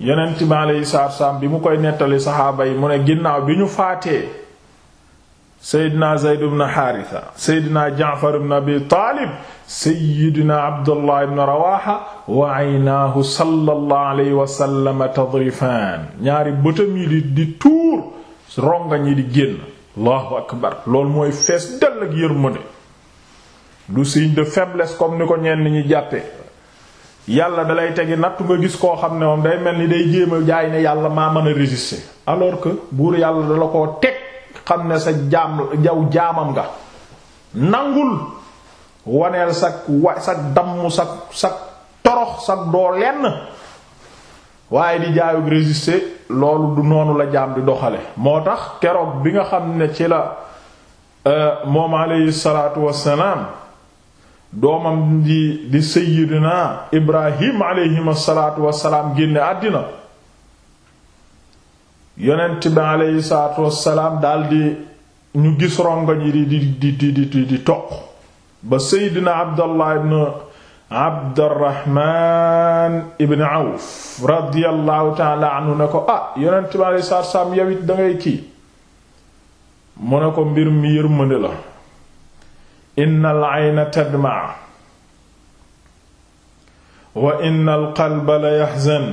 yonent bi alayhi bi mu koy nettali saxaaba yi mu ne ginnaaw bi ñu faatee seydina zeyd bn xaarisa seydina jaafar bn abi taalib seydina abdullah bn rawaaxa wa aynaahu sallallahu alayhi tadrifaan ñaari bëtam yi di di tuur rongañ yi di génn allahu akbar loolu mooy fees dell ak yërmande du signe de faiblesse comme ni ko ñenn ñi jàppe yàlla dalay tegi nattu nga gis koo xam ne moom day mel ni day jéem a jaay ne yàlla maa mën a résister alors que buur yàlla dala koo teg xam ne sa jaam jaw jaamam nga nangul waneel sa wa sa damm sa sa torox sa doo lenn waaye di jaayug résister loolu du noonu la jaam di doxale moo tax keroog bi nga xam ne ci la euh, moom alayhi salaatu wassalaam doomam di di sayyidina ibrahim aleyhim asalaatu wasalaam génne àddina yonent bi aleyhi salaatu wasalaam daldi ñu gis rongoñ di di di di toq ba sayyidina abdallah ibn abdurrahman ibn awf radiyallahu taala anhu ne ko ah yonent bi aleyhi salaatu wasalaam yow dangay kii mu ne ko mbir mi yërmande la innal ayna tadma wa innal qalba la yaxzan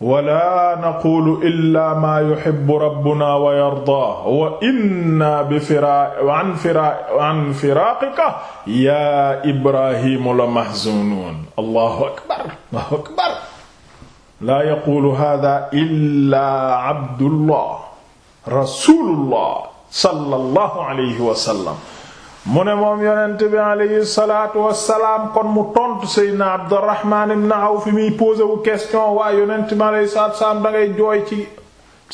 wala naqulu illa ma yuhibbu rabbuna wa yardaa wa inna bi an firaaqika yaa Ibraahiimu la mahzuunuun allahu akbar allahu akbar laa yaqulu haadaa illaa Abdullah rasuulullah sallallahu alayhi wa sallam mu ne moom yonent alayhi salaatu kon mu tontu seydna Abdurrahman ibn Awf mi posé wu question waaye yonent bi alayhi salaatu wassalaam jooy ci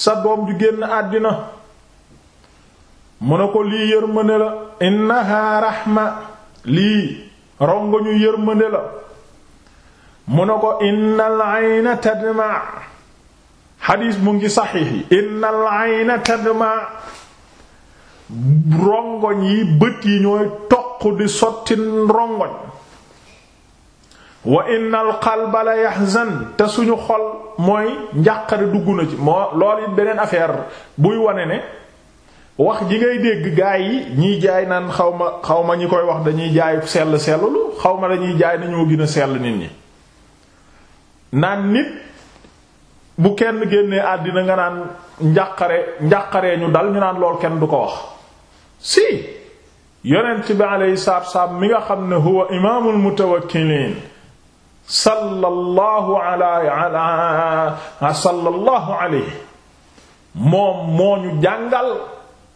sa doom ju génn àddina mu ne ko lii yërmande la innaha rahma lii rongoñu yërmande la mu ne ko innal ayna tadma xadiis mu ngi saxiix yi innal ayna tadma rongoñ yi bët yi ñooy toq di sotti rongoñ wa inna al qalba te suñu xol mooy njàqare dugg na ci moo loolu it beneen affaire buy wane ne wax ji ngay dégg gaa yi ñiy jaay naan xaw ma ñi koy wax dañuy jaay sell sellulu xaw ma dañuy jaay nañoo gën a sell nit ñi naan nit bu kenn génnee àddina nga naan njàqare njàqaree ñu dal ñu naan lool kenn du ko wax si yonent bi alayhi salaatu salaam mi nga xam ne huwa imaamul mutawakkiliin sallallahu alayhi sallallahu alayhi moom moo ñu jàngal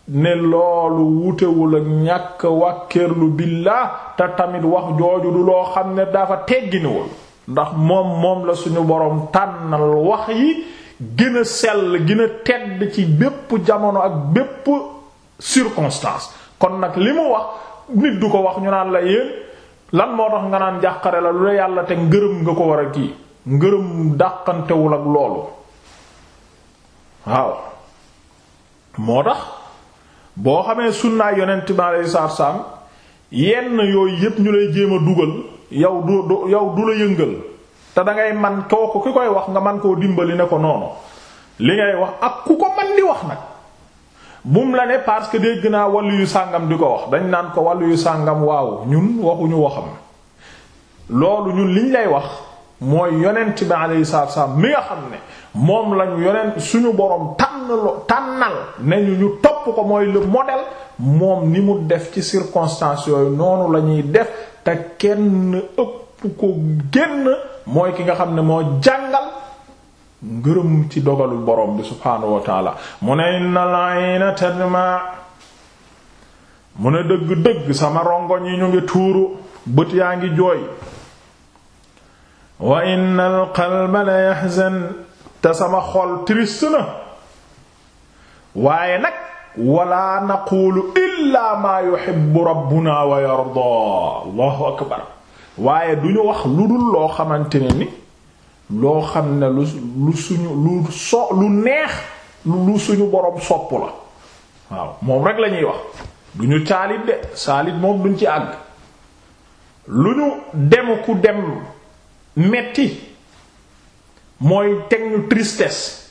ne loolu wutewul ak ñàkk wàkkeerlu billaah te tamit wax jooju du loo xam ne dafa tegginiwul ndax moom moom la suñu boroom tànnal wax yi gën a sell gën tedd ci bépp jamono ak bépp circonstance kon nag li mu wax nit du ko wax ñu naan la yéen lan moo tax nga naan jàqare la lu la yàlla te ngërëm nga ko war a kii ngërëm dàqantewul ak loolu waaw moo tax boo xamee naa yonent bi alayhi salaam yenn yooyu yépp ñu lay jéem a dugal yow du du yow du la yëngal te dangay man kooku ki koy wax nga man koo dimbali ne ko noonu li ngay wax ak ku ko man di wax nag bum la ne parce que dégg naa wàllu yu sàngam di ko wax dañ naan ko wàllu yu sàngam waaw ñun waxuñu waxam loolu ñun liñ lay wax mooy yonent bi alayhi salaatu salaam mi nga xam ne moom lañu yonent suñu borom tànnaloo tànnal ne ñu ñu topp ko mooy le modèle moom ni mu def ci circonstances yooyu noonu la ñuy def te kenn ëpp ko génn mooy ki nga xam ne moo jàngal. ngërëm ci dogalu borom bi subhaanahu wa taala mu ne innal ayna tadma mu ne dëgg-dëgg sama rongoñ yi ñu ngi tuuru bët yaa ngi jooy wa innal qalba la yahzan te sama xol triste na waaye nag wala naqulu illa ma yuhibbu rabbuna wa yarda allahu akbar waaye duñu wax lu dul loo xamante ne loo xam ne lu lu suñu lu so lu neex lu suñu borom sopp la waaw moom rek lañuy wax du ñu caalit de saalit moom duñ ci àgg lu ñu dem ku dem metti mooy teg ñu tristesse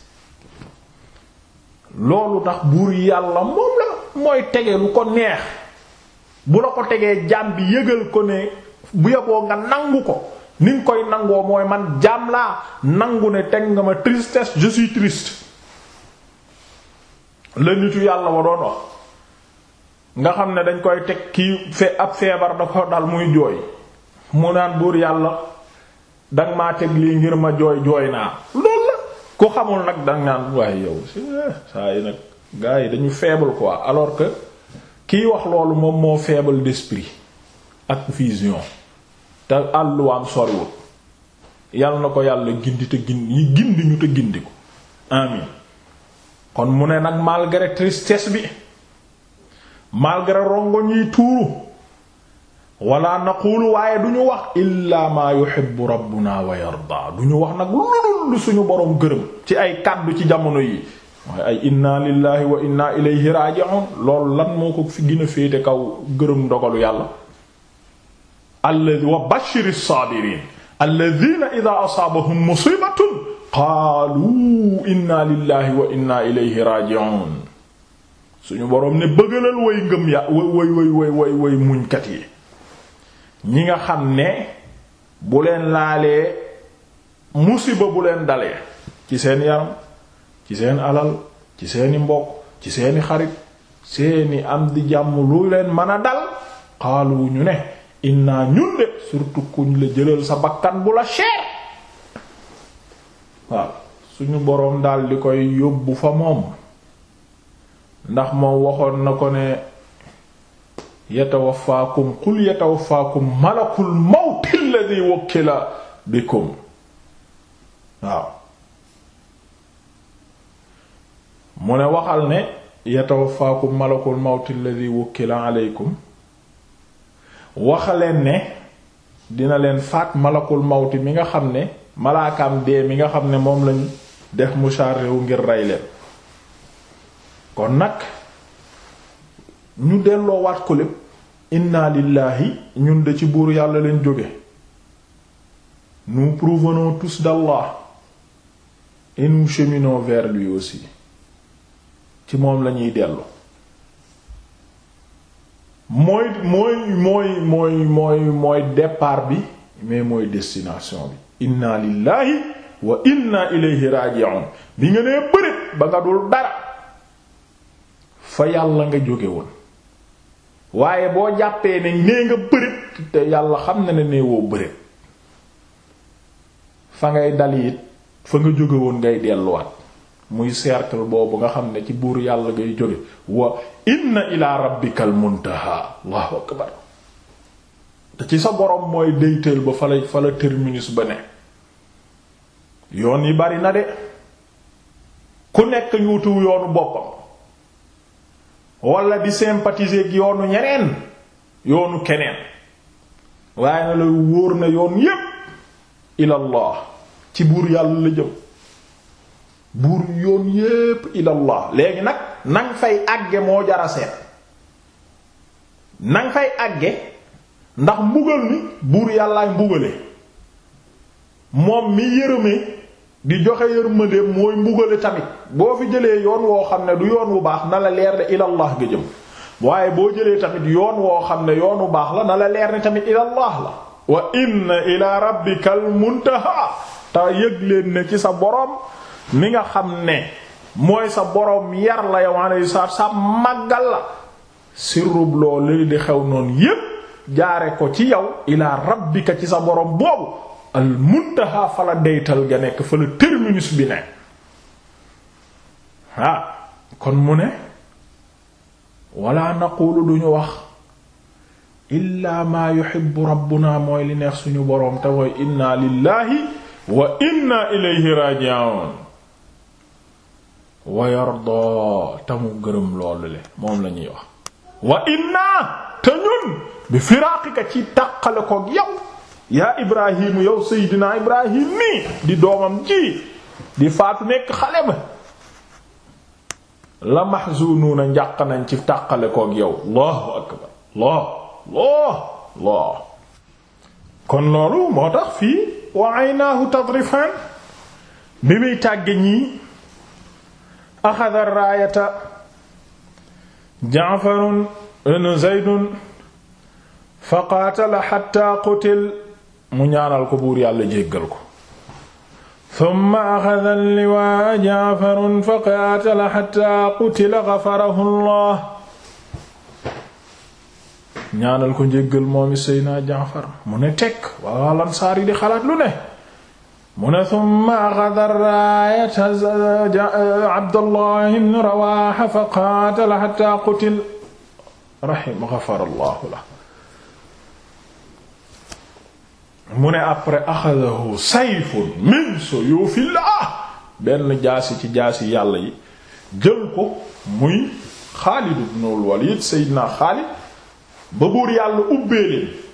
loolu tax buur yàlla moom la mooy tege lu ko neex bu la ko tegee jaam bi yëgal ko ne bu yoboo nga nangu ko ni nga koy nangoo mooy man jaam laa nangu ne teg nga ma tristesse je suis triste la yàlla wa doon wax nga xam ne dañ koy teg kii fe ab feebar da ko dal muy jooy mu naan buur yàlla danga maa teg lii ngir ma jooy jooy naa loolu ku xamul nag danga naan waaye yow eh, saa yi nag gars yi dañu faible ko alors que kiy wax loolu moom moo faible d'esprit ak vision te àlluwaam soriwul yal na ko yàlla gindi te gindi gindi ñu te gindi ko amin kon mu ne nag malgré tristesse bi malgré rongoñ yi tuuru wala naqulu waaye du ñu wax illaa maa yuhibbu rabbuna wa yarda du ñu wax nag lu lu suñu boroom gërëm ci ay kàddu ci jamono yi waaye ay inna lillahi wa inna ilayhi raji'un loolu lan moo ko fi gën féete kaw gërëm ndogalu yàlla alladi wa bashiri saabiriin alladiina idaa asaabahum musiibatun qaalu inna lillahi wa inna ilayhi raaji'uun suñu boroom ne bëggalal way ngëm ya way way way way muñkat yi ñi nga xam ne bu leen laalee musiba bu leen dalee ci seen yaram ci seen alal ci seeni mbokk ci seeni xarit seeni am di jàmm lu leen mën a dal qaalu ñu ne inna ñun de surtout kuñ la jëlal sa bakkan bu la cher waaw suñu boroom dal di koy yóbbu fa moom ndax moom waxoon na ko ne yatawaffaakum qul yatawaffaakum malakul mawti alladhi wukkila bikum waaw mu ne waxal ne yatawaffaakum malakul mawti alladhi wukkila alaykum waxaleen ne dina leen faat malakul mawti mi nga xam ne malaakaam dee mi nga xam ne moom lañ def musharre wu ngir rey leen kon nag ñu delloo waat ko lépp inna lillahi ñun de ci buur yàlla leen jóge nous provenons tous d'Allah et nous cheminons vers lui ci moom lañuy dellu mooy mooy mooy mooy mooy mooy départ bi mais mooy destination bi inna lillahi wa inna ilayhi raji'un bi nga nee bërit ba nga dul dara fa yàlla nga jóge woon waaye boo jàppee ne nee nga bërit te yàlla xam na ne nee woo bërit fa ngay dal it fa nga jóge woon ngay delluwaat muy cercle boobu nga xam ne ci buur yàlla ngay jóge wa inna ila rabbikal muntaha allahu akbar te ci sa boroom mooy déyteel ba fa la fa la terminus ba ne yoon yi bari na de ku nekk ñu yoonu boppam wala di sympathiser ak yoonu ñeneen yoonu keneen waaye na la wóor na yoon yépp ilallah ci buur yàlla la jëm buur yoon yépp ilallah léegi nag nang fay àgge moo jara seet nang fay àgge ndax mbugal mi buur yàllaay mbugale moom mi yërëme di joxe yërmandeem mooy mbugale tamit boo fi jëlee yoon woo xam ne du yoon wu baax na leer ne ilallah nga waaye boo jëlee tamit yoon woo xam ne yoon wu baax la na leer ne tamit ilallah la wa inna ila rabbikal muntaha te yëg ne ci sa boroom mi nga xam ne mooy sa boroom yar la yow alayhi salaatu sa màggal la sirrub loolu di xew noonu yépp jaare ko ci yow ilaa rabbika ci sa boroom boobu al muntaha fa la deytal ga nekk fa la terminus bi ne ah kon mu ne wala naqulu duñu wax illaa maa yuhibbu rabbuna mooy li neex suñu boroom te mooy inna lillahi wa inna ilayhi raji'un wa yarda tamu gërëm loolu le moom la ñuy wax wa inna te ñun bi firaaqika ci tàqale ko yow yaa ibrahimu yow seydinaa ibrahim nii di doomam ji di faatu nekk xale ba la mahzunuuna njàq nañ ci tàqale ko yow allahu akbar allah allah kon loolu moo tax fii wa aynaahu tadrifan bi muy tàgge ñii axada raayata jaafarun ibn zaydun fa qaatala xatta qutil mu ñaanal ko buur yàlla jéggal ko summa axada alliwaa jaafarun fa qaatala xatta qutila gafarahu allah ñaanal ko njéggal moomi seydna jaafar mu ne tekk waa lansaar yi di xalaat lu ne mu ne summa axada raayata Abdullahi ibn Rawaaha fa qaatala hattaa qutila rahima gafara Allahu lahu mu ne après axadahu sayfun min suyuufillah benn jaasi ci jaasi yàlla yi jël ko muy Xaalid ibn al-Waliid Seydina Xaalid ba buur yàlla ubbee leen